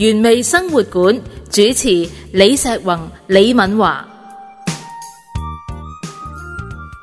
原味生活館主持李碩宏、李敏華。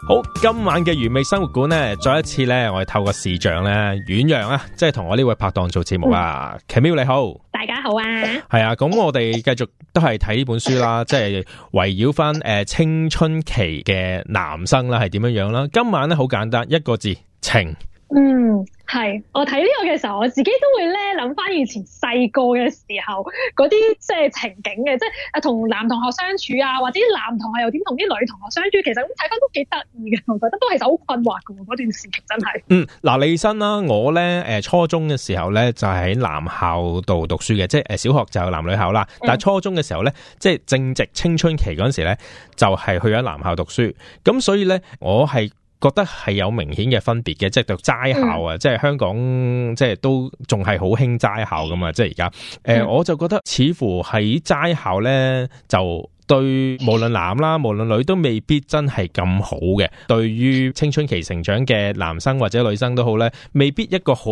好，今晚嘅原味生活館呢，再一次呢，我哋透過視像呢，遠揚啊，即係同我呢位拍檔做節目啦、啊。奇妙、嗯，Camille，你好，大家好啊，係啊，咁我哋繼續都係睇呢本書啦， 即係圍繞翻誒青春期嘅男生啦，係點樣樣啦？今晚呢，好簡單，一個字情。嗯，係，我睇呢個嘅時候，我自己都會咧諗翻以前細個嘅時候嗰啲即係情景嘅，即係啊同男同學相處啊，或者男同學又點同啲女同學相處，其實咁睇翻都幾得意嘅，我覺得都係好困惑嘅嗰段時期真係。嗯，嗱、啊，李生啦，我咧誒初中嘅時候咧就喺、是、男校度讀書嘅，即係誒小學就男女校啦，但係初中嘅時候咧，嗯、即係正值青春期嗰陣時咧，就係、是、去咗男校讀書，咁所以咧我係。覺得係有明顯嘅分別嘅，即係讀齋校啊、嗯，即係香港即係都仲係好興齋校㗎嘛，即係而家。誒、呃，嗯、我就覺得似乎喺齋校咧，就對無論男啦，無論女都未必真係咁好嘅。嗯、對於青春期成長嘅男生或者女生都好咧，未必一個好。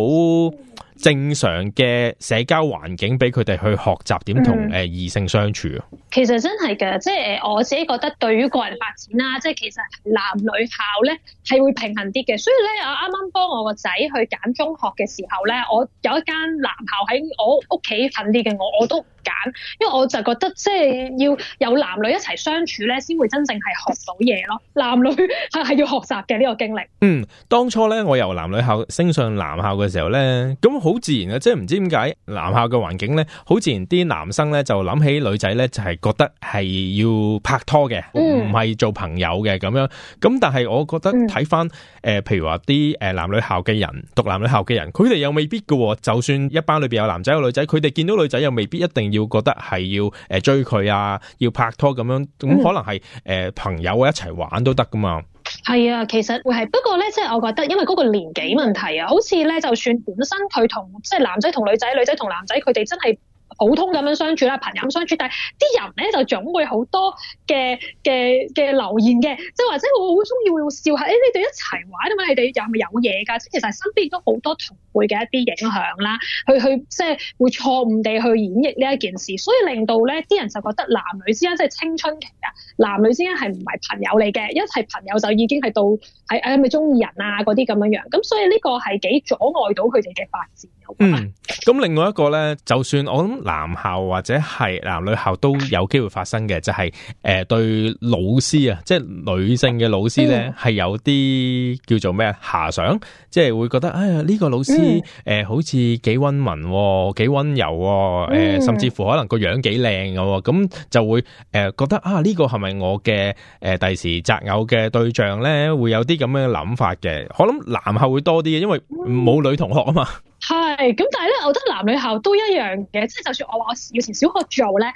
正常嘅社交環境俾佢哋去學習點同誒異性相處啊、嗯！其實真係嘅，即係我自己覺得對於個人發展啦，即係其實男女校咧係會平衡啲嘅。所以咧，我啱啱幫我個仔去揀中學嘅時候咧，我有一間男校喺我屋企近啲嘅，我我都揀，因為我就覺得即係要有男女一齊相處咧，先會真正係學到嘢咯。男女係係要學習嘅呢個經歷。嗯，當初咧我由男女校升上男校嘅時候咧，咁好自然嘅，即係唔知點解男校嘅環境咧，好自然啲男生咧就諗起女仔咧，就係覺得係要拍拖嘅，唔係做朋友嘅咁樣。咁、嗯、但係我覺得睇翻誒，譬如話啲誒男女校嘅人，讀男女校嘅人，佢哋又未必㗎喎。就算一班裏邊有男仔有女仔，佢哋見到女仔又未必一定要。要覺得係要誒追佢啊，要拍拖咁樣，咁可能係誒、呃、朋友啊一齊玩都得噶嘛。係啊，其實會係，不過咧，即係我覺得，因為嗰個年紀問題啊，好似咧，就算本身佢同即係男仔同女仔，女仔同男仔，佢哋真係。普通咁樣相處啦，朋友咁相處，但係啲人咧就總會好多嘅嘅嘅流言嘅，即係或者我好中意會笑下，誒你哋一齊玩吖嘛，你哋又係咪有嘢㗎？即係其實身邊都好多同輩嘅一啲影響啦，去去即係會錯誤地去演繹呢一件事，所以令到咧啲人就覺得男女之間即係青春期啊，男女之間係唔係朋友嚟嘅？一係朋友就已經係到係誒係咪中意人啊嗰啲咁樣樣，咁所以呢個係幾阻礙到佢哋嘅發展嘅。嗯，咁另外一個咧，就算我諗。男校或者係男女校都有機會發生嘅，就係、是、誒、呃、對老師啊，即係女性嘅老師咧，係、嗯、有啲叫做咩啊遐想，即係會覺得哎呀呢、這個老師誒、呃、好似幾溫文、哦，幾溫柔誒、哦呃，甚至乎可能個樣幾靚嘅，咁、嗯嗯、就會誒、呃、覺得啊呢、這個係咪我嘅誒第時擇偶嘅對象咧？會有啲咁嘅諗法嘅。我諗男校會多啲嘅，因為冇女同學啊嘛。 係咁，但係咧，我覺得男女校都一樣嘅，即係就算我話我以前小學做咧。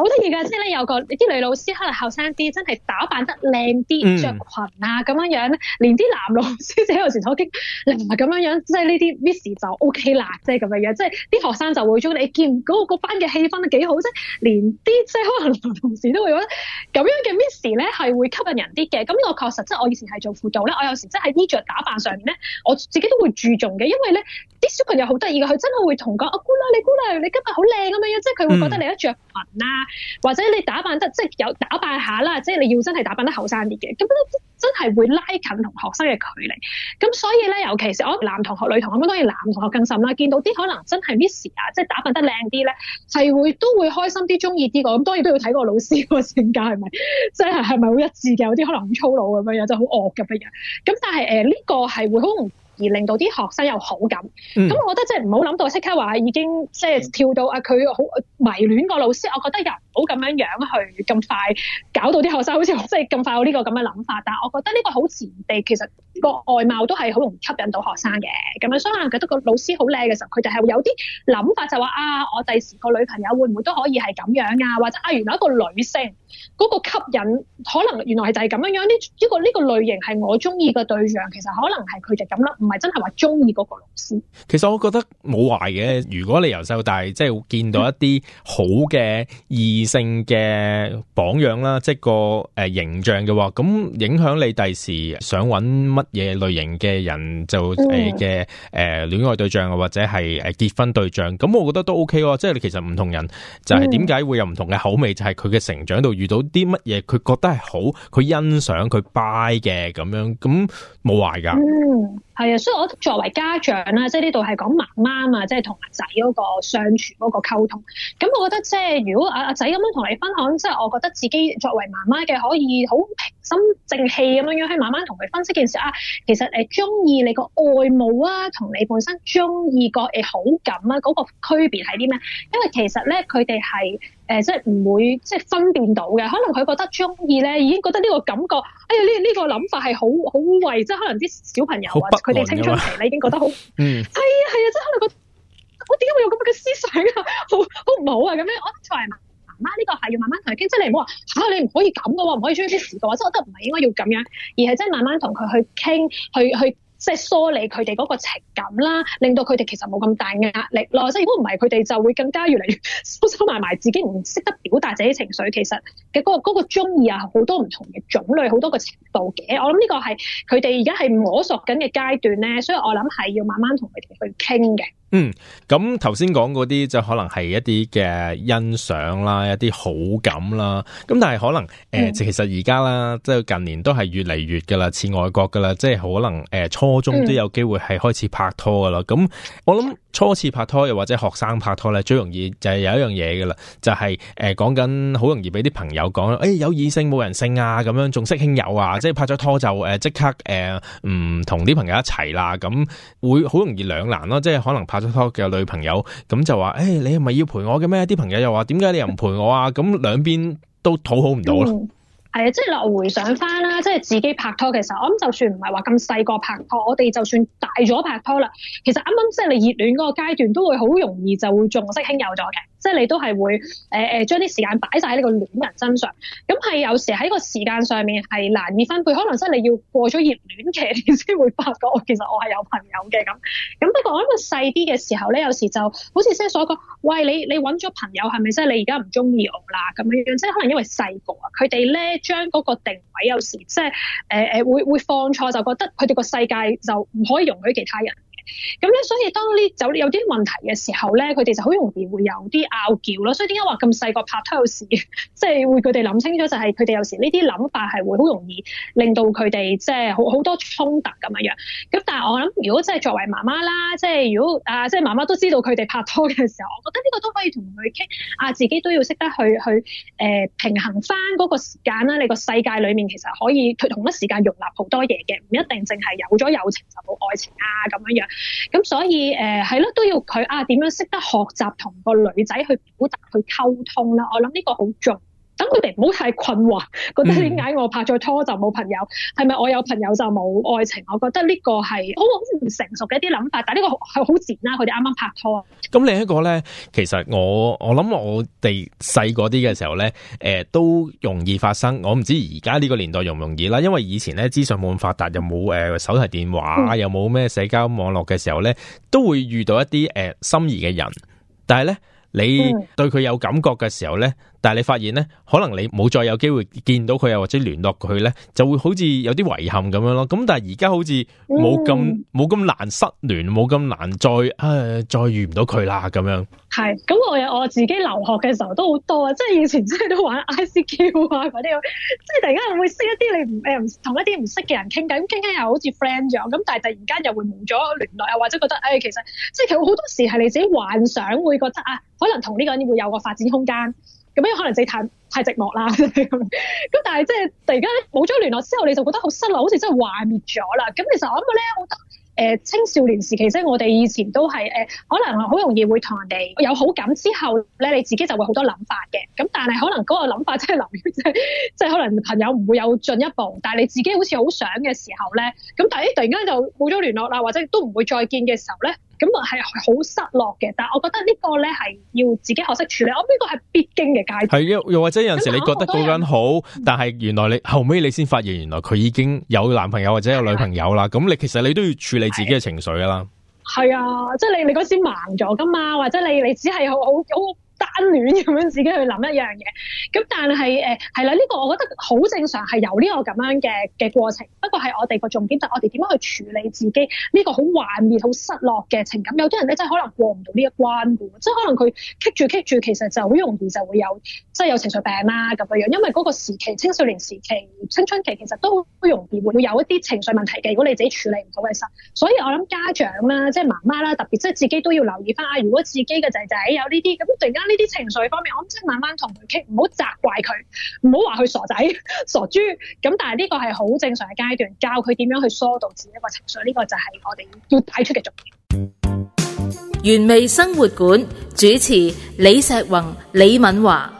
好得意噶，即係咧，有個啲女老師可能後生啲，真係打扮得靚啲，着、嗯、裙啊咁樣樣，連啲男老師即係有時好激，唔係咁樣樣，即係呢啲 miss 就 OK 啦，即係咁樣樣，即係啲學生就會中意。你見嗰，那個班嘅氣氛幾好啫，即連啲即係可能男同事都會覺得咁樣嘅 miss 咧係會吸引人啲嘅。咁我確實即係我以前係做輔導咧，我有時即係衣着打扮上面咧，我自己都會注重嘅，因為咧啲小朋友好得意噶，佢真係會同講啊姑娘，你姑娘，你今日好靚咁樣，即係佢會覺得你一着。嗯啦，或者你打扮得即係有打扮下啦，即係你要真係打扮得後生啲嘅，咁咧真係會拉近同學生嘅距離。咁所以咧，尤其是我男同學、女同學，咁當然男同學更甚啦。見到啲可能真係 Miss 啊，即係打扮得靚啲咧，係會都會開心啲、中意啲個。咁當然都要睇個老師個性格係咪，即係係咪好一致嘅？有啲可能好粗魯咁樣樣，就好惡咁樣樣。咁但係誒呢個係會好唔？而令到啲學生有好感，咁、嗯、我覺得即係唔好諗到即刻話已經即係跳到啊佢好迷戀個老師，我覺得又。好咁樣樣去咁快搞到啲學生，好似即係咁快有呢個咁嘅諗法，但係我覺得呢個好前地，其實個外貌都係好容易吸引到學生嘅。咁樣所以可能覺得個老師好靚嘅時候，佢哋係會有啲諗法就話啊，我第時個女朋友會唔會都可以係咁樣啊？或者啊，原來一個女性嗰、嗰個吸引可能原來係就係咁樣樣呢？呢、呢個呢、呢個類型係我中意嘅對象，其實可能係佢就咁咯，唔係真係話中意嗰個老師。其實我覺得冇壞嘅，如果你由細到大即係會見到一啲好嘅而、嗯異性嘅榜樣啦，即係個誒形象嘅，咁影響你第時想搵乜嘢類型嘅人就嘅誒戀愛對象啊，或者係誒結婚對象，咁我覺得都 OK 咯。即係你其實唔同人就係點解會有唔同嘅口味，就係佢嘅成長度遇到啲乜嘢，佢覺得係好，佢欣賞佢 buy 嘅咁樣，咁冇壞噶。係啊，所以我作為家長啦，即係呢度係講媽媽啊，即係同阿仔嗰個相處嗰個溝通。咁我覺得即係如果阿阿仔咁樣同你分享，即係我覺得自己作為媽媽嘅，可以好平心靜氣咁樣樣去慢慢同佢分析件事啊。其實誒，中意你個外貌啊，同你本身中意個誒好感啊，嗰個區別係啲咩？因為其實咧，佢哋係。誒、呃，即係唔會，即係分辨到嘅。可能佢覺得中意咧，已經覺得呢個感覺，哎呀，呢、呢、呢個諗法係好好壞，即係可能啲小朋友或者佢哋青春期你已經覺得好， 嗯，係啊係啊，即係可能覺得我點解會有咁嘅思想啊？好好唔好啊？咁樣，我作為媽媽，呢個係要慢慢同佢傾，即係你唔好話嚇你唔可以咁嘅喎，唔可以將啲事嘅喎，即係 我覺得唔係應該要咁樣，而係真係慢慢同佢去傾，去去。去即係梳理佢哋嗰個情感啦，令到佢哋其實冇咁大嘅壓力咯。即係如果唔係，佢哋就會更加越嚟越收收埋埋自己，唔識得表達自己情緒。其實嘅嗰個嗰個中意啊，好多唔同嘅種類，好多個程度嘅。我諗呢個係佢哋而家係摸索緊嘅階段咧，所以我諗係要慢慢同佢哋去傾嘅。嗯，咁頭先講啲就可能係一啲嘅欣賞啦，一啲好感啦。咁但係可能誒、嗯呃，其實而家啦，即係近年都係越嚟越噶啦，似外國噶啦，即係可能誒、呃、初中都有機會係開始拍拖噶啦。咁、嗯、我諗初次拍拖又或者學生拍拖咧，最容易就係有一樣嘢噶啦，就係誒講緊好容易俾啲朋友講，誒、哎、有異性冇人性啊，咁樣仲色輕友啊，即係拍咗拖就誒即刻誒唔同啲朋友一齊啦，咁會好容易兩難咯，即係可能拍。嘅女朋友，咁就話，誒、欸，你係咪要陪我嘅咩？啲朋友又話，點解你又唔陪我啊？咁兩邊都討好唔到啦。係啊、嗯，即係落回想翻，啦，即係自己拍拖嘅時候，我諗就算唔係話咁細個拍拖，我哋就算大咗拍拖啦，其實啱啱即係你熱戀嗰個階段，都會好容易就會重色輕友咗嘅。即係你都係會誒誒、呃、將啲時間擺晒喺呢個戀人身上，咁係有時喺個時間上面係難以分配，可能真係你要過咗熱戀期你先會發覺，哦、我其實我係有朋友嘅咁。咁不過我諗細啲嘅時候咧，有時就好似先所講，喂，你你揾咗朋友係咪即係你而家唔中意我啦咁樣樣，即係可能因為細個啊，佢哋咧，將嗰個定位有時即係誒誒會會放錯，就覺得佢哋個世界就唔可以容許其他人。咁咧、嗯，所以當呢有啲有啲問題嘅時候咧，佢哋就好容易會有啲拗撬咯。所以點解話咁細個拍拖有時即係會佢哋諗清楚，就係佢哋有時呢啲諗法係會好容易令到佢哋即係好好多衝突咁樣樣。咁但係我諗，如果即係作為媽媽啦，即係如果啊，即係媽媽都知道佢哋拍拖嘅時候，我覺得呢個都可以同佢傾。啊，自己都要識得去去誒、呃、平衡翻嗰個時間啦。你個世界裡面其實可以佢同一時間容納好多嘢嘅，唔一定淨係有咗友情就冇愛情啊咁樣樣。咁所以，誒係咯，都要佢啊點樣識得學習同個女仔去表達、去溝通啦。我諗呢個好重。等佢哋唔好太困惑，覺得點解我拍咗拖就冇朋友，係咪、嗯、我有朋友就冇愛情？我覺得呢個係好好唔成熟嘅一啲諗法，但係呢個係好賤啦！佢哋啱啱拍拖。咁另一個呢？其實我我諗我哋細個啲嘅時候呢，誒、呃、都容易發生。我唔知而家呢個年代容唔容易啦，因為以前呢資訊冇咁發達，又冇誒、呃、手提電話，嗯、又冇咩社交網絡嘅時候呢，都會遇到一啲誒、呃、心儀嘅人。但係呢，你對佢有感覺嘅時候呢？嗯但係你發現咧，可能你冇再有機會見到佢，又或者聯絡佢咧，就會好似有啲遺憾咁樣咯。咁但係而家好似冇咁冇咁難失聯，冇咁難再誒再遇唔到佢啦。咁樣係咁，我我自己留學嘅時候都好多啊，即係以前真係都玩 ICQ 啊，嗰啲即係突然間會識一啲你唔誒唔同一啲唔識嘅人傾偈，咁傾傾又好似 friend 咗，咁但係突然間又會冇咗聯絡，又或者覺得誒、哎、其實即係其實好多時係你自己幻想會覺得啊，可能同呢個人會有個發展空間。咁樣可能自己太太寂寞啦咁， 但係即係突然間冇咗聯絡之後，你就覺得好失落，好似真係幻滅咗啦。咁其實我覺得咧，我覺得誒青少年時期即係我哋以前都係誒、呃，可能好容易會同人哋有好感之後咧，你自己就會好多諗法嘅。咁但係可能嗰個諗法真係留即係即係可能朋友唔會有進一步，但係你自己好似好想嘅時候咧，咁但係、欸、突然間就冇咗聯絡啦，或者都唔會再見嘅時候咧。咁啊，係好失落嘅，但係我覺得呢個咧係要自己學識處理，我諗呢個係必經嘅階段。係又或者有陣時你覺得嗰個人好，人但係原來你後尾你先發現，原來佢已經有男朋友或者有女朋友啦。咁的你其實你都要處理自己嘅情緒噶啦。係啊，即係你你嗰時盲咗噶嘛，或者你你只係好好好。單戀咁樣自己去諗一樣嘢，咁但係誒係啦，呢、呃這個我覺得好正常係有呢個咁樣嘅嘅過程，不過係我哋個重點，就係、我哋點樣去處理自己呢個好幻滅、好失落嘅情感。有啲人咧真係可能過唔到呢一關嘅，即係可能佢棘住棘住，其實就好容易就會有即係有情緒病啦、啊、咁樣樣。因為嗰個時期，青少年時期、青春期其實都好容易會有一啲情緒問題嘅。如果你自己處理唔到嘅時候，所以我諗家長啦，即係媽媽啦，特別即係自己都要留意翻啊。如果自己嘅仔仔有呢啲咁，突然間呢，啲情緒方面，我咁即係慢慢同佢傾，唔好責怪佢，唔好話佢傻仔、傻豬。咁但係呢個係好正常嘅階段，教佢點樣去疏導自己一個情緒，呢、這個就係我哋要擺出嘅重點。原味生活館主持李碩宏、李敏華。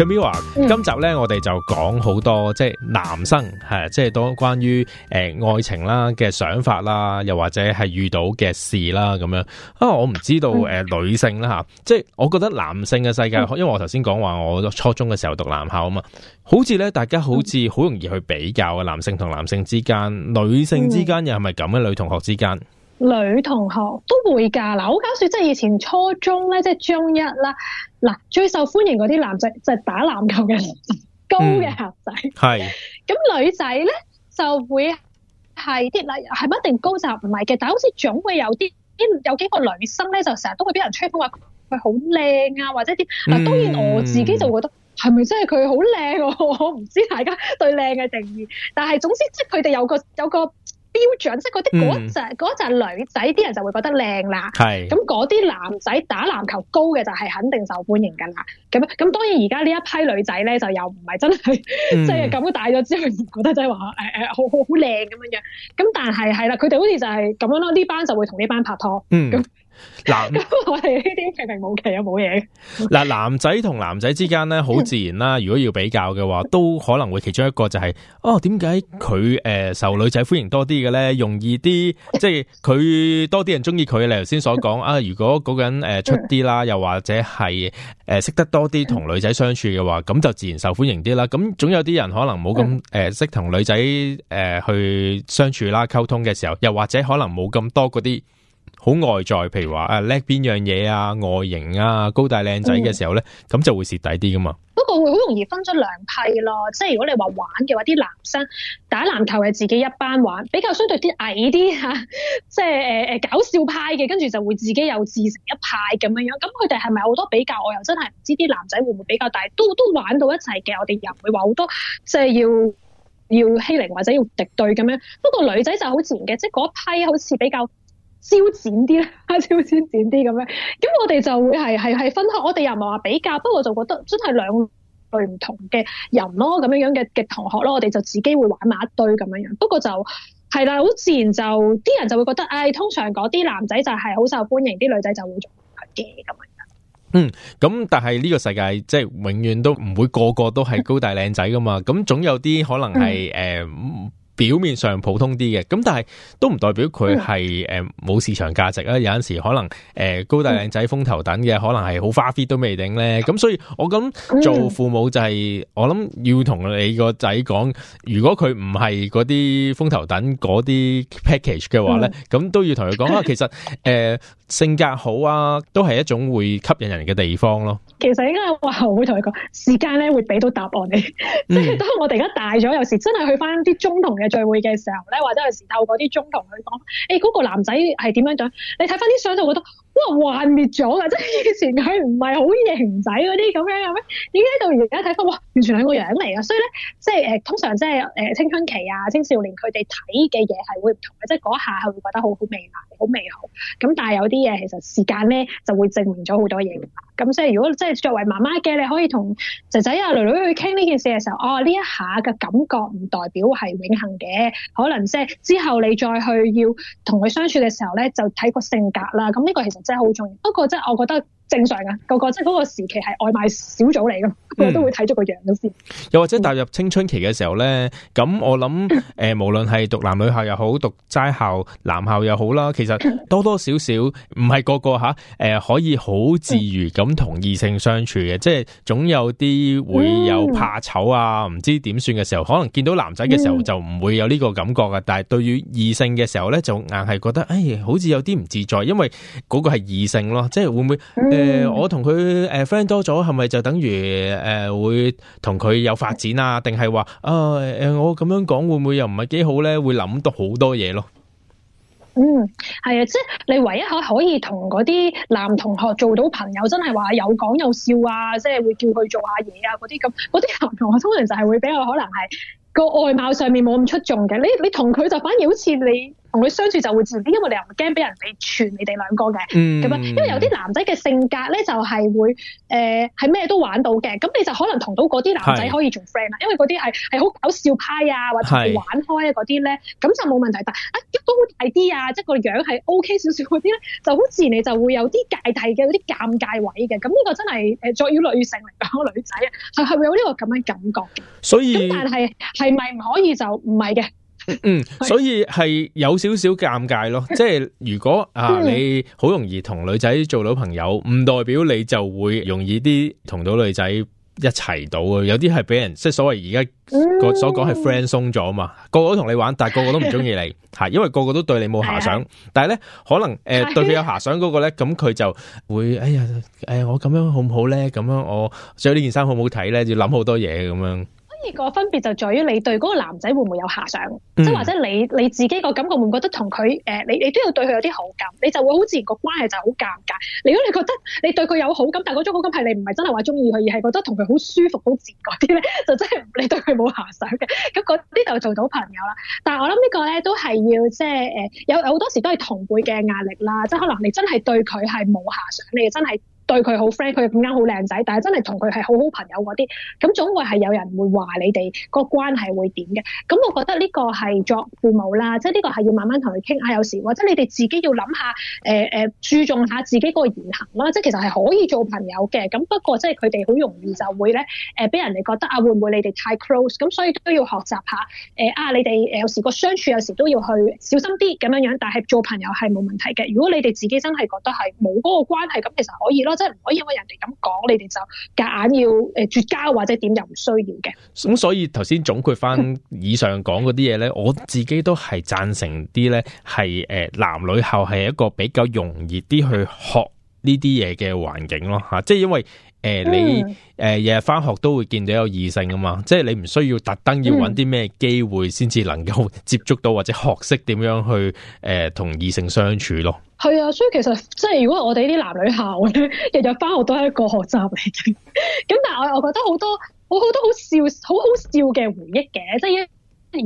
Camilla, 今集呢，我哋就講好多即係男生，係即係多關於誒、呃、愛情啦嘅想法啦，又或者係遇到嘅事啦咁樣。啊，我唔知道誒、呃、女性啦吓，即係我覺得男性嘅世界，因為我頭先講話我初中嘅時候讀男校啊嘛，好似呢，大家好似好容易去比較啊，男性同男性之間，女性之間又係咪咁嘅女同學之間？女同學都會㗎嗱，好搞笑！即係以前初中咧，即係中一啦，嗱最受歡迎嗰啲男仔就係打籃球嘅高嘅男仔。係。咁女仔咧就會係啲嗱，係咪一定高就唔係嘅，但係好似總會有啲啲有幾個女生咧，就成日都會俾人吹捧話佢好靚啊，或者啲嗱。當然我自己就覺得係咪真係佢好靚，我唔知大家對靚嘅定義，但係總之即係佢哋有個有個。標準、嗯、即係嗰啲嗰陣女仔，啲人就會覺得靚啦。係咁嗰啲男仔打籃球高嘅就係肯定受歡迎㗎啦。咁咁當然而家呢一批女仔咧就又唔係真係、嗯、 即係咁大咗之後唔覺得即係話誒誒好好好靚咁樣嘅。咁但係係啦，佢哋好似就係咁樣咯。呢班就會同呢班拍拖。嗯。嗱，呢啲平平無奇啊，冇嘢。嗱，男仔同男仔之間咧，好自然啦。 如果要比較嘅話，都可能會其中一個就係、是，哦，點解佢誒受女仔歡迎多啲嘅咧？容易啲，即係佢多啲人中意佢。你頭先所講啊，如果嗰個人誒、呃、出啲啦，又或者係誒、呃、識得多啲同女仔相處嘅話，咁就自然受歡迎啲啦。咁、嗯、總有啲人可能冇咁誒識同女仔誒、呃、去相處啦，溝通嘅時候，又或者可能冇咁多嗰啲。好外在，譬如話誒叻邊樣嘢啊，外形啊，高大靚仔嘅時候咧，咁、嗯、就會蝕底啲噶嘛。不過會好容易分咗兩批咯，即係如果你話玩嘅話，啲男生打籃球係自己一班玩，比較相對啲矮啲吓，即係誒誒搞笑派嘅，跟住就會自己又自成一派咁樣樣。咁佢哋係咪好多比較？我又真係唔知啲男仔會唔會比較大，都都玩到一齊嘅。我哋又唔會話好多即係、就是、要要欺凌或者要敵對咁樣。不過女仔就好自然嘅，即係嗰批好似比較。超展啲啦，超展啲咁樣，咁我哋就會係係係分開。我哋又唔係話比較，不過就覺得真係兩類唔同嘅人咯，咁樣樣嘅嘅同學咯，我哋就自己會玩埋一堆咁樣樣。不過就係啦，好自然就啲人就會覺得，唉、哎，通常嗰啲男仔就係好受歡迎，啲女仔就會做嘅咁樣。嗯，咁但係呢個世界即係永遠都唔會個個都係高大靚仔噶嘛，咁 總有啲可能係誒。呃嗯表面上普通啲嘅，咁但係都唔代表佢係誒冇市場價值啊！嗯、有陣時可能誒、呃、高大靚仔風頭等嘅，可能係好花 fit 都未定咧。咁所以，我咁做父母就係、是嗯、我諗要同你個仔講，如果佢唔係嗰啲風頭等嗰啲 package 嘅話咧，咁、嗯、都要同佢講啊。其實誒。呃性格好啊，都係一種會吸引人嘅地方咯。其實應該話我會同佢講，時間咧會俾到答案你。 即係當我哋而家大咗，有時真係去翻啲中同嘅聚會嘅時候咧，或者有時透過啲中同去講，誒、欸，嗰、那個男仔係點樣樣？你睇翻啲相就覺得。幻滅咗噶，即係以前佢唔係好型仔嗰啲咁樣嘅咩？點解到而家睇翻，哇，完全係個樣嚟噶？所以咧，即係誒、呃，通常即係誒，青春期啊，青少年佢哋睇嘅嘢係會唔同嘅，即係嗰下係會覺得好好美滿，好美好。咁但係有啲嘢其實時間咧就會證明咗好多嘢。咁即係如果即係作為媽媽嘅，你可以同仔仔啊、女女去傾呢件事嘅時候，哦、啊、呢一下嘅感覺唔代表係永恆嘅，可能即係之後你再去要同佢相處嘅時候咧，就睇個性格啦。咁、這、呢個其實真係好重要。不過即係我覺得。正常噶、啊，個個即係嗰個時期係外賣小組嚟噶，個個都會睇咗個樣先、嗯。又或者踏入青春期嘅時候咧，咁、嗯、我諗誒、呃，無論係讀男女校又好，讀齋校男校又好啦，其實多多少少唔係個個嚇誒、啊呃、可以好自如咁同異性相處嘅，即係總有啲會有怕醜啊，唔、嗯、知點算嘅時候，可能見到男仔嘅時候就唔會有呢個感覺噶，但係對於異性嘅時候咧，就硬係覺得誒、哎、好似有啲唔自在，因為嗰個係異性咯，即係會唔會？嗯。誒、呃，我同佢誒 friend 多咗，係咪就等於誒、呃、會同佢有發展啊？定係話啊誒，我咁樣講會唔會又唔係幾好咧？會諗到好多嘢咯。嗯，係啊，即係你唯一可可以同嗰啲男同學做到朋友，真係話有講有笑啊，即係會叫佢做下嘢啊，嗰啲咁，嗰啲男同學通常就係會比較可能係個外貌上面冇咁出眾嘅。你你同佢就反而好似你。同佢相處就會自然啲，因為你又唔驚俾人哋傳你哋兩個嘅，咁啊、嗯，因為有啲男仔嘅性格咧，就係會誒係咩都玩到嘅，咁你就可能同到嗰啲男仔可以做 friend 啦，是因為嗰啲係係好搞笑派啊，或者玩開啊嗰啲咧，咁是就冇問題。但啊，一到大啲啊，即係個樣係 OK 少少嗰啲咧，就好自然你就會有啲芥蒂嘅嗰啲尷尬位嘅。咁呢個真係誒、呃，作於女性嚟講，女仔係係會有呢個咁樣感覺。所以咁但係係咪唔可以就唔係嘅？ 嗯，所以係有少少尷尬咯。即係如果啊，你好容易同女仔做到朋友，唔代表你就會容易啲同到女仔一齊到啊。有啲係俾人即係所謂而家個所講係 friend 鬆咗嘛，個個都同你玩，但係個個都唔中意你吓， 因為個個都對你冇遐想。但係咧，可能誒、呃、對佢有遐想嗰，那個咧，咁佢就會哎呀誒、哎，我咁樣好唔好咧？咁樣我着呢件衫好唔好睇咧？要諗好多嘢咁樣。呢個分別就在於你對嗰個男仔會唔會有遐想，即係、嗯、或者你你自己個感覺會唔會覺得同佢誒，你你都要對佢有啲好感，你就會好自然個關係就好尷尬。如果你覺得你對佢有好感，但係嗰種好感係你唔係真係話中意佢，而係覺得同佢好舒服、好自然嗰啲咧，呢 就真係你對佢冇遐想嘅。咁呢度做到朋友啦。但係我諗呢個咧都係要即係誒，有好多時都係同輩嘅壓力啦，即係可能你真係對佢係冇遐想，你真係。對佢好 friend，佢又咁啱好靚仔，但係真係同佢係好好朋友嗰啲，咁總會係有人會話你哋個關係會點嘅。咁我覺得呢個係作父母啦，即係呢個係要慢慢同佢傾下。有時或者你哋自己要諗下，誒、呃、誒、呃、注重下自己嗰個言行啦。即係其實係可以做朋友嘅。咁不過即係佢哋好容易就會咧，誒、呃、俾人哋覺得啊，會唔會你哋太 close？咁所以都要學習下，誒、呃、啊你哋有時個相處有時都要去小心啲咁樣樣。但係做朋友係冇問題嘅。如果你哋自己真係覺得係冇嗰個關係，咁其實可以咯。即係唔可以因為人哋咁講，你哋就夾硬要誒絕交或者點又唔需要嘅。咁 所以頭先總括翻以上講嗰啲嘢咧，我自己都係贊成啲咧，係誒男女校係一個比較容易啲去學呢啲嘢嘅環境咯吓，即係因為。誒、呃，你誒、呃，日日翻學都會見到有異性啊嘛，即係你唔需要特登要揾啲咩機會先至能夠接觸到或者學識點樣去誒同異性相處咯。係、嗯嗯、啊，所以其實即係如果我哋啲男女校咧，日日翻學都係一個學習嚟嘅。咁 但係我我覺得好多好好多好笑好好笑嘅回憶嘅，即係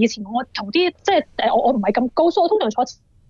以前我同啲即係誒，我我唔係咁高，所以我通常坐。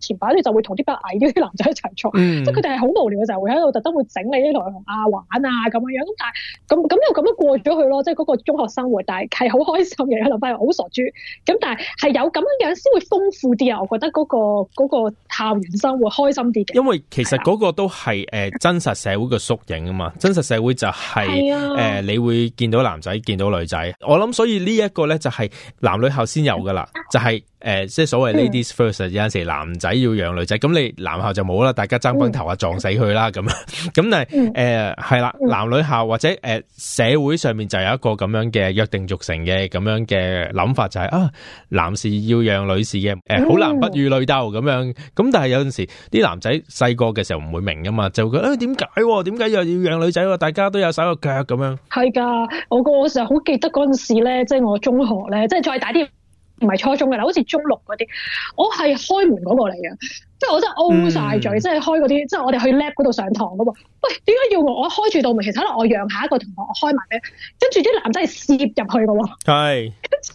前排就就會同啲比較矮啲男仔一齊坐，嗯、即係佢哋係好無聊嘅時候會喺度特登會整你啲同學啊玩啊咁樣樣，咁但係咁咁又咁樣過咗去咯，即係嗰個中學生活，但係係好開心嘅。一諗翻，好傻豬咁，但係係有咁樣樣先會豐富啲啊！我覺得嗰、那個嗰、那個校園生活開心啲嘅，因為其實嗰個都係誒、啊、真實社會嘅縮影啊嘛，真實社會就係、是、誒、啊呃、你會見到男仔見到女仔。我諗所以呢一個咧就係男女校先有噶啦。就係、是、誒、呃，即係所謂 ladies first，嗯、有陣時男仔要讓女仔，咁你男校就冇啦，大家爭崩頭啊，撞死佢啦咁啊，咁但係誒係啦，男女校或者誒、呃、社會上面就有一個咁樣嘅約定俗成嘅咁樣嘅諗法，就係、是、啊，男士要讓女士嘅，誒，好男不與女鬥咁樣，咁但係有陣時啲男仔細個嘅時候唔會明噶嘛，就會覺得誒，點解？點解又要讓女仔啊？大家都有手有腳咁樣。係噶，我嗰時候好記得嗰陣時咧，即、就、係、是、我中學咧，即係再大啲。唔係初中嘅，嗱好似中六嗰啲，我係開門嗰個嚟嘅，嗯、即係我真係 O 晒嘴，即係開嗰啲，即係我哋去 lab 嗰度上堂嘅喎。喂，點解要我，我開住道門？其實可能我讓下一個同學我開埋嘅，跟住啲男仔係攝入去嘅喎，跟住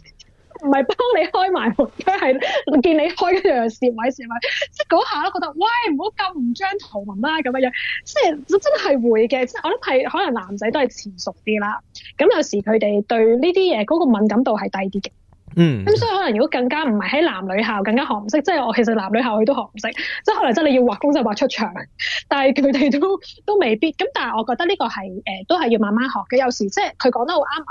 唔係幫你開埋門，係見你開跟住又攝位攝位，即係嗰下覺得，喂，唔好咁唔張圖文啦，咁樣樣，即係真係會嘅，即係我諗係可能男仔都係遲熟啲啦，咁有時佢哋對呢啲嘢嗰個敏感度係低啲嘅。嗯，咁所以可能如果更加唔係喺男女校更加學唔識，即係我其實男女校佢都學唔識，即係可能即係你要畫公仔、畫出腸，但係佢哋都都未必。咁但係我覺得呢個係誒、呃、都係要慢慢學嘅。有時即係佢講得好啱啊，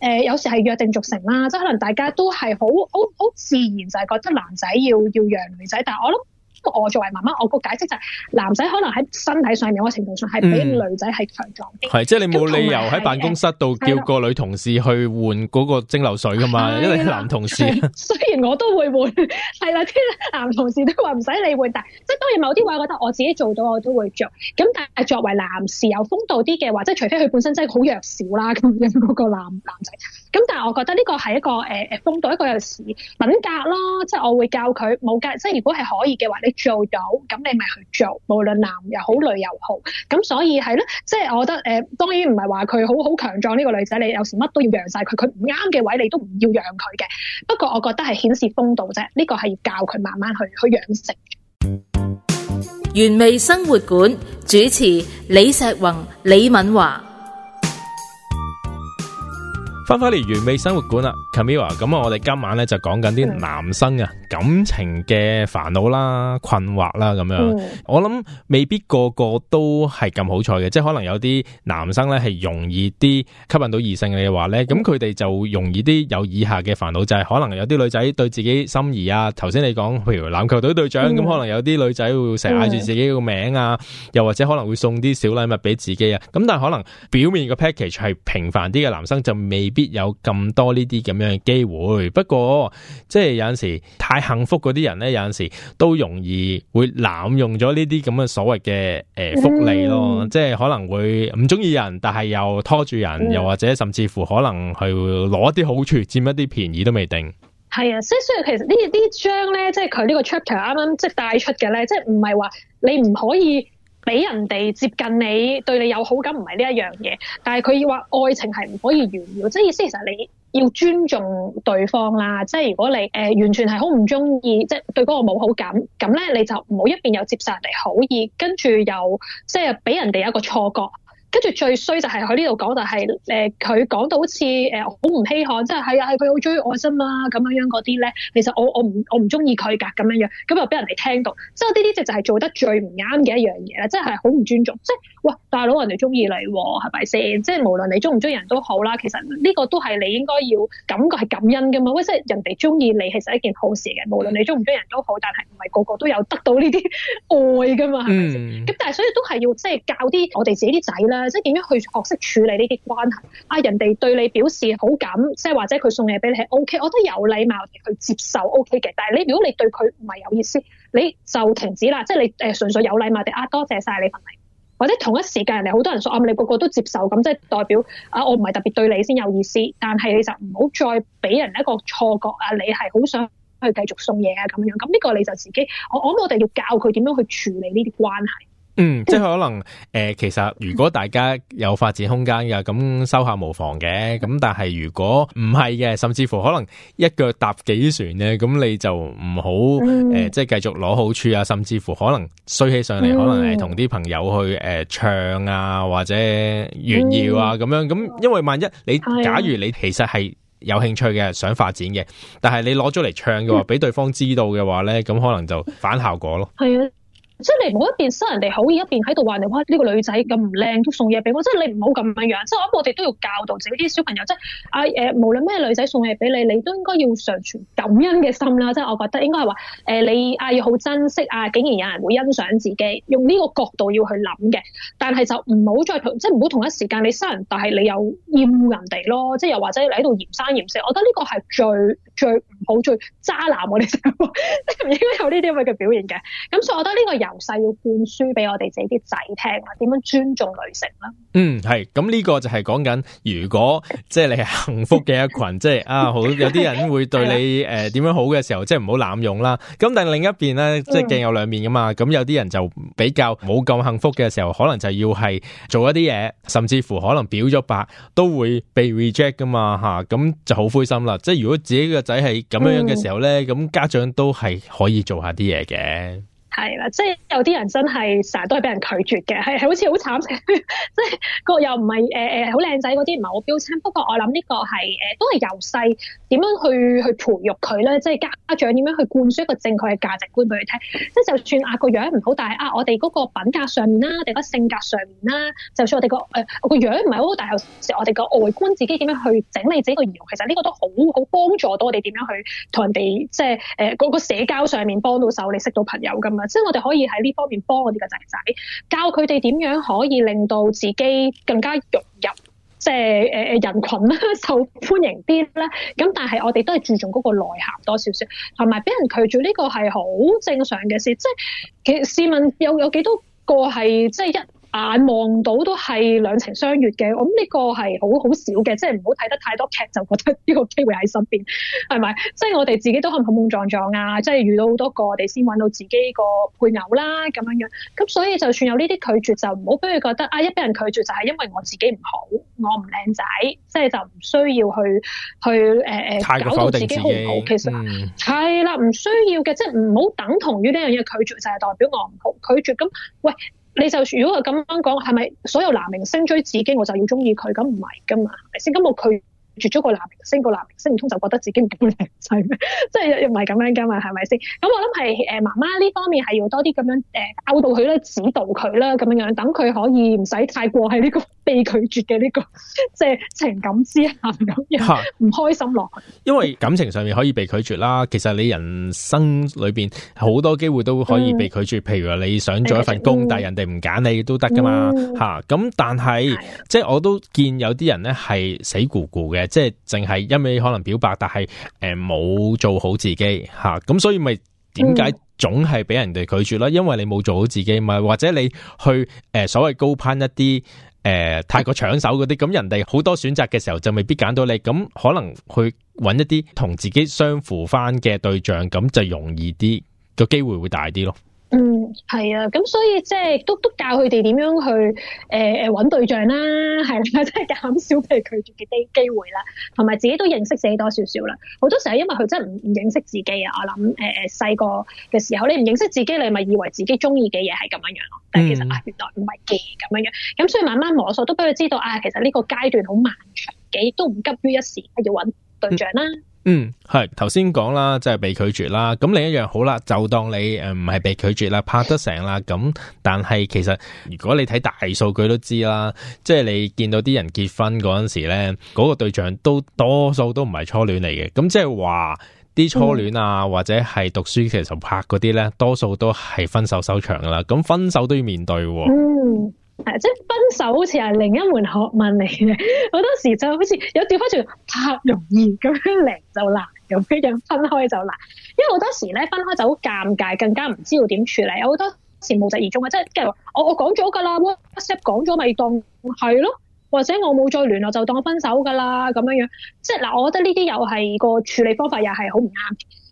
誒、呃、有時係約定俗成啦，即係可能大家都係好好好自然就係、是、覺得男仔要要讓女仔，但我諗。我作為媽媽，我個解釋就係男仔可能喺身體上面，某程度上係比女仔係強壯啲。係、嗯、即係你冇理由喺辦公室度叫個女同事去換嗰個蒸餾水噶嘛，的因為男同事。雖然我都會換，係啦，啲男同事都話唔使你會，但即係當然某啲話，我覺得我自己做到我都會做。咁但係作為男士有風度啲嘅話，即係除非佢本身真係好弱小啦咁樣嗰個男男仔。咁但係我覺得呢個係一個誒誒、欸、風度，一個又是品格咯。即係我會教佢冇格，即係如果係可以嘅話，你做到，咁你咪去做，無論男又好，女又好，咁所以係咯，即係我覺得，誒，當然唔係話佢好好強壯呢個女仔，你有時乜都要讓晒佢，佢唔啱嘅位你都唔要讓佢嘅。不過我覺得係顯示風度啫，呢個係要教佢慢慢去去養成。原味生活館主持李碩宏、李敏華。翻返嚟完美生活館啦，Camilla，咁啊，illa，我哋今晚咧就講緊啲男生啊感情嘅煩惱啦、困惑啦咁樣。嗯、我諗未必個個都係咁好彩嘅，即係可能有啲男生咧係容易啲吸引到異性嘅話咧，咁佢哋就容易啲有以下嘅煩惱，就係、是、可能有啲女仔對自己心儀啊。頭先你講，譬如籃球隊隊長咁，嗯、可能有啲女仔會成日嗌住自己個名啊，又或者可能會送啲小禮物俾自己啊。咁但係可能表面個 package 係平凡啲嘅男生就未必。必有咁多呢啲咁樣嘅機會。不過即係有陣時太幸福嗰啲人咧，有陣時都容易會濫用咗呢啲咁嘅所謂嘅誒福利咯，嗯、即係可能會唔中意人，但係又拖住人，嗯、又或者甚至乎可能去攞一啲好處，佔一啲便宜都未定。係啊，即係所以其實呢呢章咧，即係佢呢個 chapter 啱啱即係帶出嘅咧，即係唔係話你唔可以。俾人哋接近你，對你有好感，唔係呢一樣嘢。但係佢要話愛情係唔可以炫耀，即係意思其實你要尊重對方啦。即係如果你誒、呃、完全係好唔中意，即係對嗰個冇好感，咁咧你就唔好一邊又接受人哋好意，跟住又即係俾人哋一個錯覺。跟住最衰就係佢呢度講，就係誒佢講到好似誒好唔稀罕，即係係啊係佢好中意我啫嘛咁樣樣嗰啲咧，其實我我唔我唔中意佢㗎咁樣樣，咁又俾人哋聽到，即係呢啲就就係做得最唔啱嘅一樣嘢啦，即係好唔尊重。即係哇大佬人哋中意你係咪先？即係無論你中唔中意人都好啦，其實呢個都係你應該要感覺係感恩噶嘛。喂，即係人哋中意你其實係一件好事嘅，無論你中唔中意人都好，但係唔係個個都有得到呢啲愛噶嘛，係咪先？嗯。咁但係所以都係要即係教啲我哋自己啲仔咧。或者點樣去學識處理呢啲關係？啊，人哋對你表示好感，即係或者佢送嘢俾你係 O K，我覺得有禮貌地去接受 O K 嘅。但係你如果你對佢唔係有意思，你就停止啦。即係你誒、呃、純粹有禮貌地、啊、多謝晒你份禮，或者同一時間人哋好多人送啊，你個個都接受咁，即係代表啊，我唔係特別對你先有意思。但係你就唔好再俾人一個錯覺啊，你係好想去繼續送嘢啊咁樣。咁呢個你就自己，我我諗我哋要教佢點樣去處理呢啲關係。嗯，即係可能誒、呃，其實如果大家有發展空間嘅，咁收下無妨嘅。咁但係如果唔係嘅，甚至乎可能一腳踏幾船咧，咁你就唔好誒，即係繼續攞好處啊。甚至乎可能衰起上嚟，嗯、可能係同啲朋友去誒、呃、唱啊，或者炫耀啊咁樣。咁因為萬一你假如你其實係有興趣嘅，的想發展嘅，但係你攞咗嚟唱嘅話，俾對方知道嘅話咧，咁、嗯、可能就反效果咯。係啊。即係你唔好一邊收人哋好意，一邊喺度話你哇呢個女仔咁唔靚都送嘢俾我，即係你唔好咁樣樣。即係我諗我哋都要教導自己啲小朋友，即係阿誒，無論咩女仔送嘢俾你，你都應該要常存感恩嘅心啦。即係我覺得應該係話誒，你阿要好珍惜啊，竟然有人會欣賞自己，用呢個角度要去諗嘅。但係就唔好再同，即係唔好同一時間你收人，但係你又厭惡人哋咯。即係又或者你喺度嫌生嫌死，我覺得呢個係最。最唔好，最渣男。我哋成日即係唔應該有呢啲咁嘅表現嘅，咁所以我覺得呢個由細要灌輸俾我哋自己啲仔聽，點樣尊重女性啦。嗯，係，咁呢個就係講緊，如果即係你係幸福嘅一群， 即係啊好有啲人會對你誒點的、呃、樣好嘅時候，即係唔好濫用啦。咁但係另一邊咧，即係鏡有兩面噶嘛，咁、嗯、有啲人就比較冇咁幸福嘅時候，可能就要係做一啲嘢，甚至乎可能表咗白都會被 reject 噶嘛吓，咁、啊、就好灰心啦。即係如果自己嘅。仔係咁樣嘅時候咧，咁、嗯、家長都係可以做下啲嘢嘅。係啦，即係有啲人真係成日都係俾人拒絕嘅，係好似好慘，呵呵即係個又唔係誒誒好靚仔嗰啲唔係好標青。不過我諗呢個係誒、呃、都係由細點樣去去培育佢咧，即係家長點樣去灌輸一個正確嘅價值觀俾佢聽。即係就算啊個樣唔好，但係啊我哋嗰個品格上面啦，定係性格上面啦，就算我哋個誒、呃、個樣唔係好好，但係我哋個外觀自己點樣去整理自己個儀容，其實呢個都好好幫助到我哋點樣去同人哋即係誒嗰個社交上面幫到手，你識到朋友咁樣。即係我哋可以喺呢方面幫我哋嘅仔仔，教佢哋點樣可以令到自己更加融入，即係誒誒人群啦，受歡迎啲咧。咁但係我哋都係注重嗰個內涵多少少，同埋俾人拒絕呢個係好正常嘅事。即係其實試問有有幾多個係即係一。眼、啊、望到都係兩情相悅嘅，咁呢個係好好少嘅，即係唔好睇得太多劇就覺得呢個機會喺身邊，係咪？即係我哋自己都可能碰碰撞撞啊，即係遇到好多個，我哋先揾到自己個配偶啦咁樣樣。咁所以就算有呢啲拒絕，就唔好俾佢覺得啊，一俾人拒絕就係因為我自己唔好，我唔靚仔，即係就唔需要去去誒誒搞到自己好唔好。其實係啦，唔、嗯、需要嘅，即係唔好等同於呢樣嘢拒絕就係代表我唔好拒絕。咁喂？你就如果係咁樣講，係咪所有男明星追自己我就要中意佢？咁唔係㗎嘛，係咪先？咁我，佢絕咗個男星，個男星唔通就覺得自己唔夠靚仔咩？即係又唔係咁樣噶嘛？係咪先？咁我諗係誒，媽媽呢方面係要多啲咁樣誒，教導佢啦，指導佢啦，咁樣樣，等佢可以唔使太過喺呢個被拒絕嘅呢、這個即係情感之下咁樣唔哈開心落去。因為感情上面可以被拒絕啦，其實你人生裏邊好多機會都可以被拒絕，譬如話你想做一份工，但係人哋唔揀你都得噶嘛吓。咁、嗯、但係即係我都見有啲人咧係死咕咕嘅。即係淨係因為可能表白，但係誒冇做好自己吓，咁所以咪點解總係俾人哋拒絕啦？因為你冇做好自己，咪、啊、或者你去誒、呃、所謂高攀一啲誒、呃、太過搶手嗰啲，咁人哋好多選擇嘅時候就未必揀到你，咁可能去揾一啲同自己相符翻嘅對象，咁就容易啲個機會會大啲咯。嗯，係啊，咁所以即係都都教佢哋點樣去誒誒揾對象啦，係啦、啊，真係減少被拒絕嘅機機會啦，同埋自己都認識自己多少少啦。好多時候因為佢真係唔唔認識自己啊，我諗誒細個嘅時候你唔認識自己，你咪以為自己中意嘅嘢係咁樣樣咯，但係其實、嗯、啊原來唔係嘅咁樣樣，咁所以慢慢摸索，都俾佢知道啊，其實呢個階段好漫長嘅，都唔急於一時要揾對象啦。嗯嗯，係頭先講啦，即係被拒絕啦。咁另一樣好啦，就當你誒唔係被拒絕啦，拍得成啦。咁但係其實如果你睇大數據都知啦，即係你見到啲人結婚嗰陣時咧，嗰個對象都多數都唔係初戀嚟嘅。咁即係話啲初戀啊，或者係讀書其實拍嗰啲咧，多數都係分手收場噶啦。咁分手都要面對啊。嗯誒，即係分手好似係另一門學問嚟嘅。好 多時就好似有掉翻住拍容易咁樣，嚟就難咁樣樣，分開就難。因為好多時咧分開就好尷尬，更加唔知道點處理。有好多時無疾而終啊，即係我我講咗噶啦，WhatsApp 講咗咪當係咯，或者我冇再聯絡就當我分手噶啦咁樣樣。即係嗱，我覺得呢啲又係個處理方法，又係好唔啱。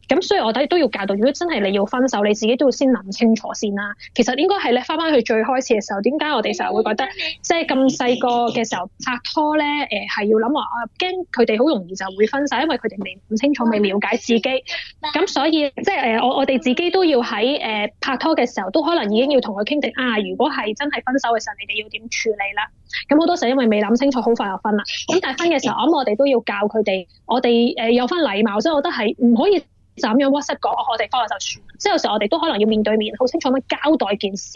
咁、嗯、所以我哋都要教導，如果真係你要分手，你自己都要先諗清楚先啦。其實應該係咧，返返去最開始嘅時候，點解我哋成日會覺得，即係咁細個嘅時候拍拖咧，誒、呃、係要諗話啊，驚佢哋好容易就會分手，因為佢哋未諗清楚，未了解自己。咁所以即係誒、呃，我我哋自己都要喺誒、呃、拍拖嘅時候，都可能已經要同佢傾定啊。如果係真係分手嘅時候，你哋要點處理啦？咁好多時候因為未諗清楚，好快就分啦。咁但係分嘅時候，咁、嗯、我哋都要教佢哋，我哋誒、呃、有返禮貌，所以我覺得係唔可以。就咁樣 WhatsApp 講，我哋翻去就算。即係有時候我哋都可能要面對面，好清楚咁交代件事。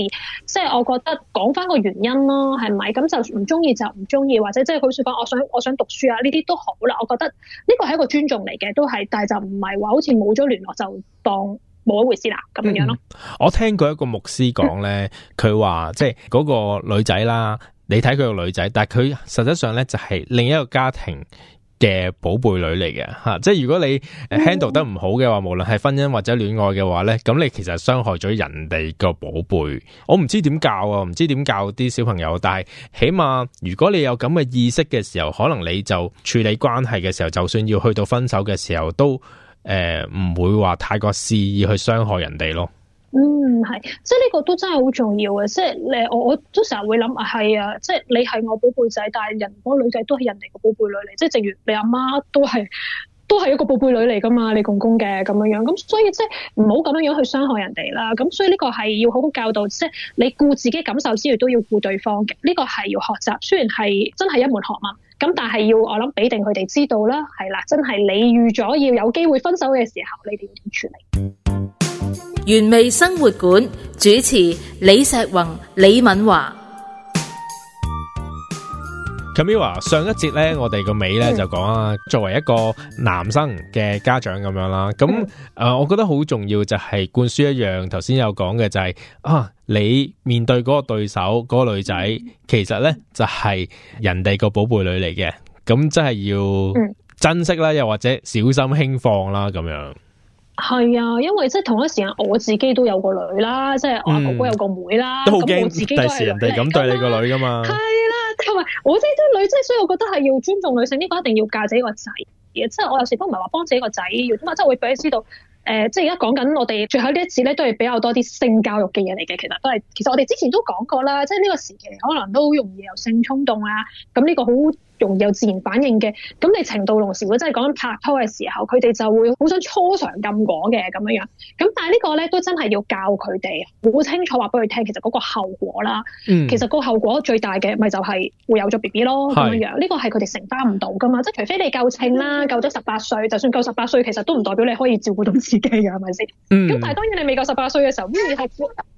即係我覺得講翻個原因咯，係咪？咁就唔中意就唔中意，或者即係佢說話，我想我想讀書啊，呢啲都好啦。我覺得呢個係一個尊重嚟嘅，都係，但係就唔係話好似冇咗聯絡就當冇一回事啦，咁樣咯、嗯。我聽過一個牧師講咧，佢話、嗯、即係嗰個女仔啦，你睇佢個女仔，女仔但係佢實質上咧就係另一個家庭嘅寶貝女嚟嘅吓，即係如果你、呃、 handle 得唔好嘅話，無論係婚姻或者戀愛嘅話呢，咁你其實傷害咗人哋個寶貝。我唔知點教啊，唔知點教啲小朋友。但係起碼如果你有咁嘅意識嘅時候，可能你就處理關係嘅時候，就算要去到分手嘅時候，都誒唔、呃、會話太過肆意去傷害人哋咯。嗯，係，即係呢個都真係好重要嘅，即係你我我都成日會諗啊，係啊，即係你係我寶貝仔，但係人嗰個女仔都係人哋嘅寶貝女嚟，即係正如你阿媽都係都係一個寶貝女嚟噶嘛，你公公嘅咁樣樣，咁、嗯、所以即係唔好咁樣樣去傷害人哋啦，咁、嗯、所以呢個係要好好教導，即係你顧自己感受之餘都要顧對方嘅，呢、這個係要學習，雖然係真係一門學問，咁但係要我諗俾定佢哋知道啦，係啦、啊，真係你預咗要有機會分手嘅時候，你點點處理。嗯原味生活館主持李碩宏、李敏華。Camila，上一節咧，我哋個尾咧就講啊，作為一個男生嘅家長咁樣啦，咁誒，我覺得好重要就係灌輸一樣，頭先有講嘅就係啊，你面對嗰個對手嗰個女仔，其實咧就係人哋個寶貝女嚟嘅，咁真係要珍惜啦，又或者小心輕放啦，咁樣。係啊，因為即係同一時間，我自己都有個女啦，即係我阿哥哥有個妹啦、嗯，都好驚第時人哋咁對你個女噶嘛。係啦，唔係我啲啲女，即係所以我覺得係要尊重女性呢、這個，一定要教自己個仔。即係我有時都唔係話幫自己個仔，點啊，即係會俾你知道，誒、呃，即係而家講緊我哋最後呢一次咧，都係比較多啲性教育嘅嘢嚟嘅。其實都係，其實我哋之前都講過啦，即係呢個時期可能都好容易有性衝動啊。咁呢個好容易有自然反應嘅，咁你程度龍時，如果真係講緊拍拖嘅時候，佢哋就會好想初嘗禁果嘅咁樣樣。咁但係呢個咧都真係要教佢哋好清楚，話俾佢聽，其實嗰個後果啦。嗯、其實個後果最大嘅咪就係會有咗 B B 咯，咁樣是樣。呢個係佢哋承擔唔到噶嘛，即係除非你夠稱啦，夠咗十八歲。就算夠十八歲，其實都唔代表你可以照顧到自己嘅係咪先？咁、嗯、但係當然你未夠十八歲嘅時候，咁而係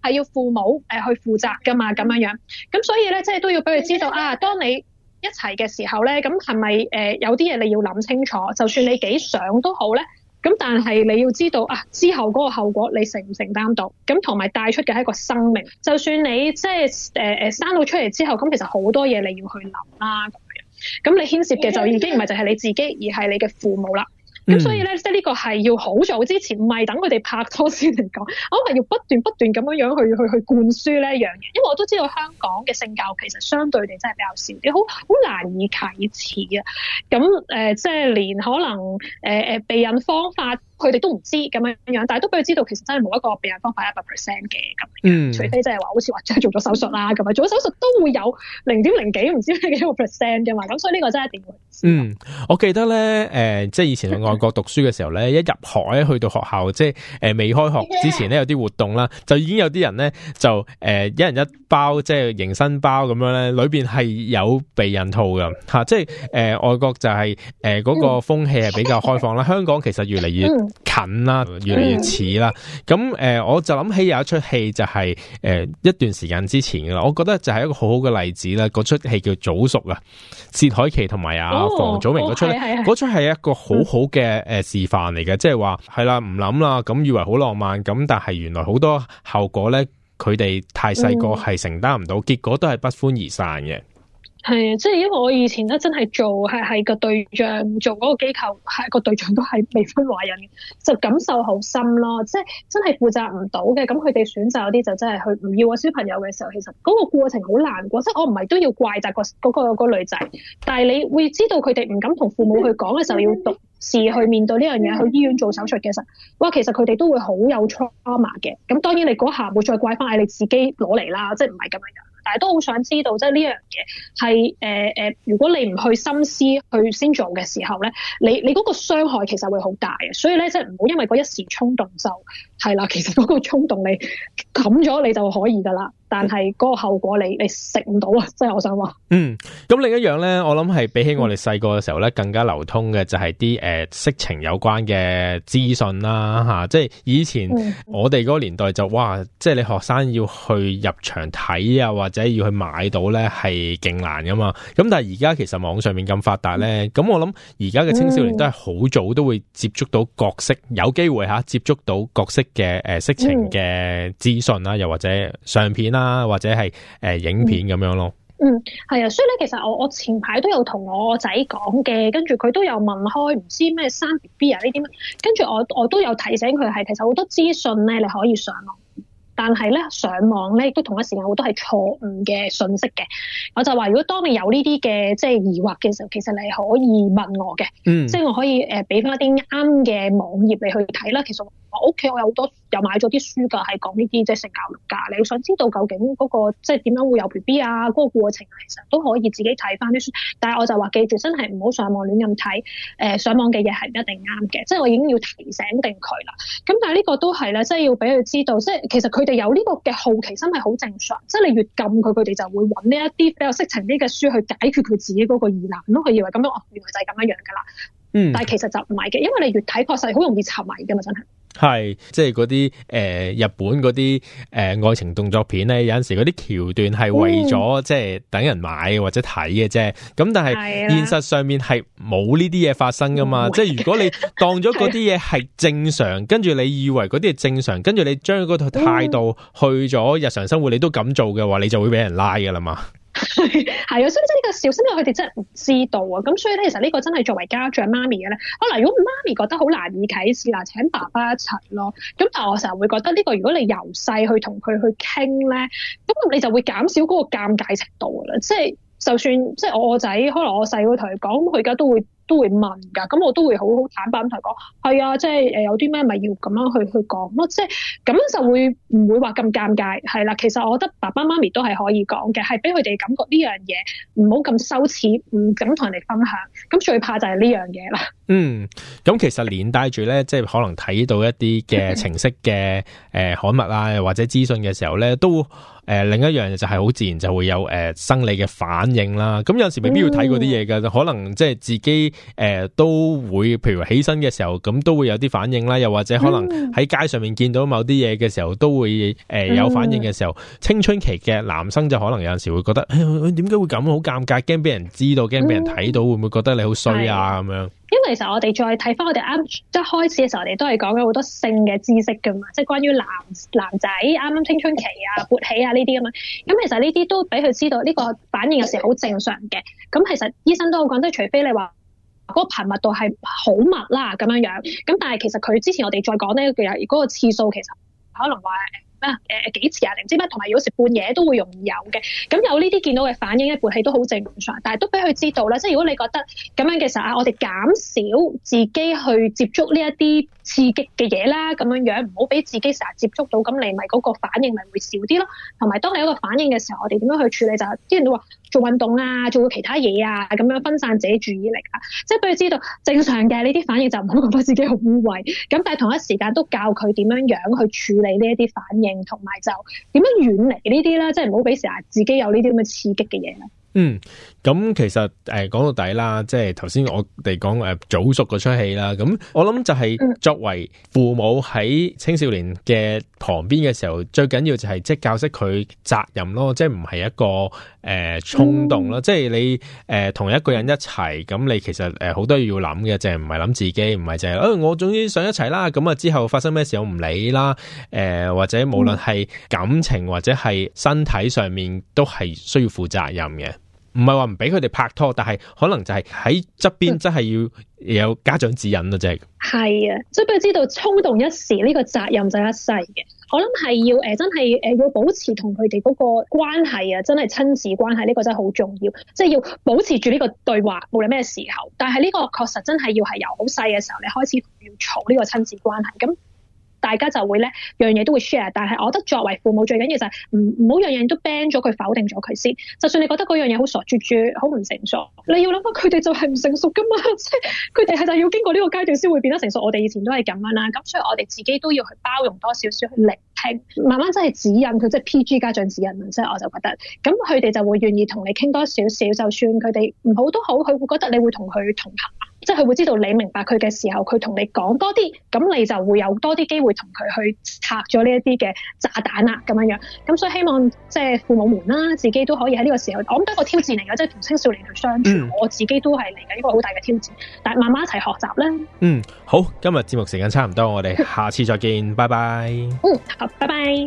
係要父母誒去負責噶嘛咁樣樣。咁所以咧，即係都要俾佢知道啊，當你一齊嘅時候咧，咁係咪誒有啲嘢你要諗清楚？就算你幾想都好咧，咁但係你要知道啊，之後嗰個後果你承唔承擔到？咁同埋帶出嘅係一個生命，就算你即係誒誒生到出嚟之後，咁其實好多嘢你要去諗啦咁樣。咁你牽涉嘅就已經唔係就係你自己，而係你嘅父母啦。咁、嗯、所以咧，即係呢個係要好早之前，唔係等佢哋拍拖先嚟講，我覺得要不斷不斷咁樣樣去去去灌輸呢樣嘢，因為我都知道香港嘅性教其實相對地真係比較少，啲好好難以啟齒啊。咁、嗯、誒、呃，即係連可能誒誒、呃、避孕方法。佢哋都唔知咁樣樣，但係都俾佢知道其實真係冇一個避孕方法一百 percent 嘅咁，嗯、除非即係話好似話真係做咗手術啦咁啊，做咗手術都會有零點零幾唔知咩幾個 percent 嘅嘛，咁所以呢個真係一定會。嗯，我記得咧，誒、呃，即係以前去外國讀書嘅時候咧， 一入學去到學校，即係誒未開學之前咧，有啲活動啦，就已經有啲人咧就誒、呃、一人一包即係迎新包咁樣咧，裏邊係有避孕套㗎嚇，即係誒、呃、外國就係誒嗰個風氣係比較開放啦， 香港其實越嚟越。近啦，越嚟越似啦。咁誒、嗯呃，我就諗起有一出戲就係、是、誒、呃、一段時間之前噶啦，我覺得就係一個好好嘅例子啦。嗰出戲叫《早熟》海啊，薛凱琪同埋阿房祖名嗰出咧，嗰出係一個好好嘅誒示範嚟嘅，即係話係啦唔諗啦，咁、啊、以為好浪漫，咁但係原來好多後果咧，佢哋太細個係承擔唔到，嗯、結果都係不歡而散嘅。係啊，即係因為我以前咧真係做係係個對象，做嗰個機構係個對象都係未婚懷孕，就感受好深咯。即係真係負責唔到嘅，咁佢哋選擇有啲就真、是、係去唔要個小朋友嘅時候，其實嗰個過程好難過。即係我唔係都要怪責、嗰個嗰、嗰個、嗰個女仔，但係你會知道佢哋唔敢同父母去講嘅時候，要獨自去面對呢樣嘢，去 醫院做手術嘅時候，哇，其實佢哋都會好有 trauma 嘅。咁當然你嗰下冇再怪翻，係你自己攞嚟啦，即係唔係咁樣。但都好想知道，即係呢樣嘢係誒誒，如果你唔去深思去先做嘅時候咧，你你個傷害其實會好大嘅，所以咧即係唔好因為一時衝動就係啦，其實個衝動你冚咗你就可以噶啦。但係個後果你你食唔到啊！即、就、係、是、我想話。嗯，咁另一樣咧，我諗係比起我哋細個嘅時候咧，更加流通嘅就係啲誒色情有關嘅資訊啦，吓、啊，即係以前我哋個年代就哇，即係你學生要去入場睇啊，或者要去買到咧係勁難噶嘛。咁但係而家其實網上面咁發達咧，咁、嗯、我諗而家嘅青少年都係好早都會接觸到角色，嗯、有機會吓、啊、接觸到角色嘅誒、呃、色情嘅資訊啦，又或者相片啦、啊。啊，或者係誒、呃、影片咁樣咯。嗯，係啊，所以咧、啊，其實我我前排都有同我仔講嘅，跟住佢都有問開唔知咩生 B B 啊呢啲咩。跟住我我都有提醒佢，係其實好多資訊咧，你可以上網，但係咧上網咧，亦都同一時間，好多係錯誤嘅信息嘅。我就話，如果當你有呢啲嘅即係疑惑嘅時候，其實你可以問我嘅。嗯。即係我可以誒，俾翻啲啱嘅網頁你去睇啦。其實。屋企我有好多又買咗啲書㗎，係講呢啲即係性教育㗎。你想知道究竟嗰個即係點樣會有 B.B. 啊？嗰個過程其實都可以自己睇翻啲書。但係我就話記住，真係唔好上網亂咁睇。誒、呃，上網嘅嘢係唔一定啱嘅。即係我已經要提醒定佢啦。咁但係呢個都係咧，即係要俾佢知道，即係其實佢哋有呢個嘅好奇心係好正常。即係你越禁佢，佢哋就會揾呢一啲比較色情啲嘅書去解決佢自己嗰個疑難咯。佢以為咁樣哦，原來就係咁樣樣㗎啦。但係其實就唔係嘅，因為你越睇，確實係好容易沉迷㗎嘛，真係。係，即係嗰啲誒日本嗰啲誒愛情動作片咧，有陣時嗰啲橋段係為咗、嗯、即係等人買或者睇嘅啫。咁但係現實上面係冇呢啲嘢發生噶嘛？嗯、即係如果你當咗嗰啲嘢係正常，跟住 是的 你以為嗰啲係正常，跟住你將嗰個態度去咗日常生活，你都咁做嘅話，你就會俾人拉噶啦嘛。係，啊， 所以真呢個小，心因為佢哋真係唔知道啊。咁所以咧，其實呢個真係作為家長媽咪嘅咧，可能如果媽咪覺得好難以啟齒，嗱，請爸爸一齊咯。咁但係我成日會覺得呢個，如果你由細去同佢去傾咧，咁你就會減少嗰個尷尬程度啦。即係就算即係我個仔，可能我細會同佢講，佢而家都會。都會問㗎，咁我都會好好坦白咁同佢講，係啊，即係誒有啲咩咪要咁樣去去講咯，即係咁就會唔會話咁尷尬係啦，啊。其實我覺得爸爸媽咪都係可以講嘅，係俾佢哋感覺呢樣嘢唔好咁羞恥，唔敢同人哋分享。咁最怕就係呢樣嘢啦。嗯，咁其實連帶住咧， 即係可能睇到一啲嘅程式嘅誒刊物啊，或者資訊嘅時候咧，都。誒、呃，另一樣就係好自然就會有誒、呃、生理嘅反應啦。咁有陣時未必要睇嗰啲嘢嘅，嗯、可能即係自己誒、呃、都會，譬如起身嘅時候，咁都會有啲反應啦。又或者可能喺街上面見到某啲嘢嘅時候，都會誒有反應嘅時候。青春期嘅男生就可能有陣時會覺得，哎、點解、呃、會咁啊？好尷尬，驚俾人知道，驚俾人睇到，會唔會覺得你好衰啊？咁樣、嗯。因為其實我哋再睇翻我哋啱即係開始嘅時候，我哋都係講咗好多性嘅知識㗎嘛，即係關於男男仔啱啱青春期啊勃起啊呢啲咁嘛。咁其實呢啲都俾佢知道呢個反應有時好正常嘅。咁其實醫生都好講，即係除非你話嗰個頻密度係好密啦，咁樣樣。咁但係其實佢之前我哋再講咧，佢又嗰個次數其實可能話啊誒幾次啊，唔知乜，同埋如果食半嘢都會容易有嘅。咁、嗯、有呢啲見到嘅反應咧，部戲都好正常，但係都俾佢知道啦。即係如果你覺得咁樣嘅時候啊，我哋減少自己去接觸呢一啲刺激嘅嘢啦，咁樣樣唔好俾自己成日接觸到，咁你咪嗰個反應咪會少啲咯。同埋當你嗰個反應嘅時候，我哋點樣去處理就係啲人都話。做運動啊，做其他嘢啊，咁樣分散自己注意力啊，即係俾佢知道正常嘅呢啲反應就唔好覺得自己好污穢，咁但係同一時間都教佢點樣樣去處理呢一啲反應，同埋就點樣遠離呢啲啦，即係唔好俾成日自己有呢啲咁嘅刺激嘅嘢啦。嗯。咁其實誒、呃、講到底啦，即係頭先我哋講誒、呃、早熟出戲啦。咁我諗就係作為父母喺青少年嘅旁邊嘅時候，最緊要就係即係教識佢責任咯，即係唔係一個誒、呃、衝動咯。即係你誒、呃、同一個人一齊，咁你其實誒好、呃、多嘢要諗嘅，就係唔係諗自己，唔係就係誒我總之想一齊啦。咁啊之後發生咩事我唔理啦。誒、呃、或者無論係感情或者係身體上面，都係需要負責任嘅。唔係話唔俾佢哋拍拖，但係可能就係喺側邊真係要有家長指引咯，即係。係啊，即係要知道衝動一時，呢、這個責任就一世嘅。我諗係要誒、呃，真係誒、呃這個要，就是，要保持同佢哋嗰個關係啊，真係親子關係呢個真係好重要，即係要保持住呢個對話，無論咩時候。但係呢個確實真係要係由好細嘅時候你開始要儲呢個親子關係咁。大家就會呢樣嘢都會 share，但係我覺得作為父母最緊要就係唔唔好樣樣都 ban 咗佢，否定咗佢先。就算你覺得嗰樣嘢好傻豬豬、絕絕、好唔成熟，你要諗下佢哋就係唔成熟噶嘛，即係佢哋係就，是、就要經過呢個階段先會變得成熟。我哋以前都係咁樣啦、啊，咁所以我哋自己都要去包容多少少去聆聽，慢慢真係指引佢，即係 PG 家長指引，即係我就覺得，咁佢哋就會願意同你傾多少少，就算佢哋唔好都好，佢會覺得你會同佢同行。即係佢會知道你明白佢嘅時候，佢同你講多啲，咁你就會有多啲機會同佢去拆咗呢一啲嘅炸彈啦，咁樣樣。咁所以希望即係父母們啦、啊，自己都可以喺呢個時候，我諗都係一個挑戰嚟嘅，即係同青少年去相處。嗯、我自己都係嚟緊一個好大嘅挑戰，但係慢慢一齊學習啦。嗯，好，今日節目時間差唔多，我哋下次再見， 拜拜。嗯，好，拜拜。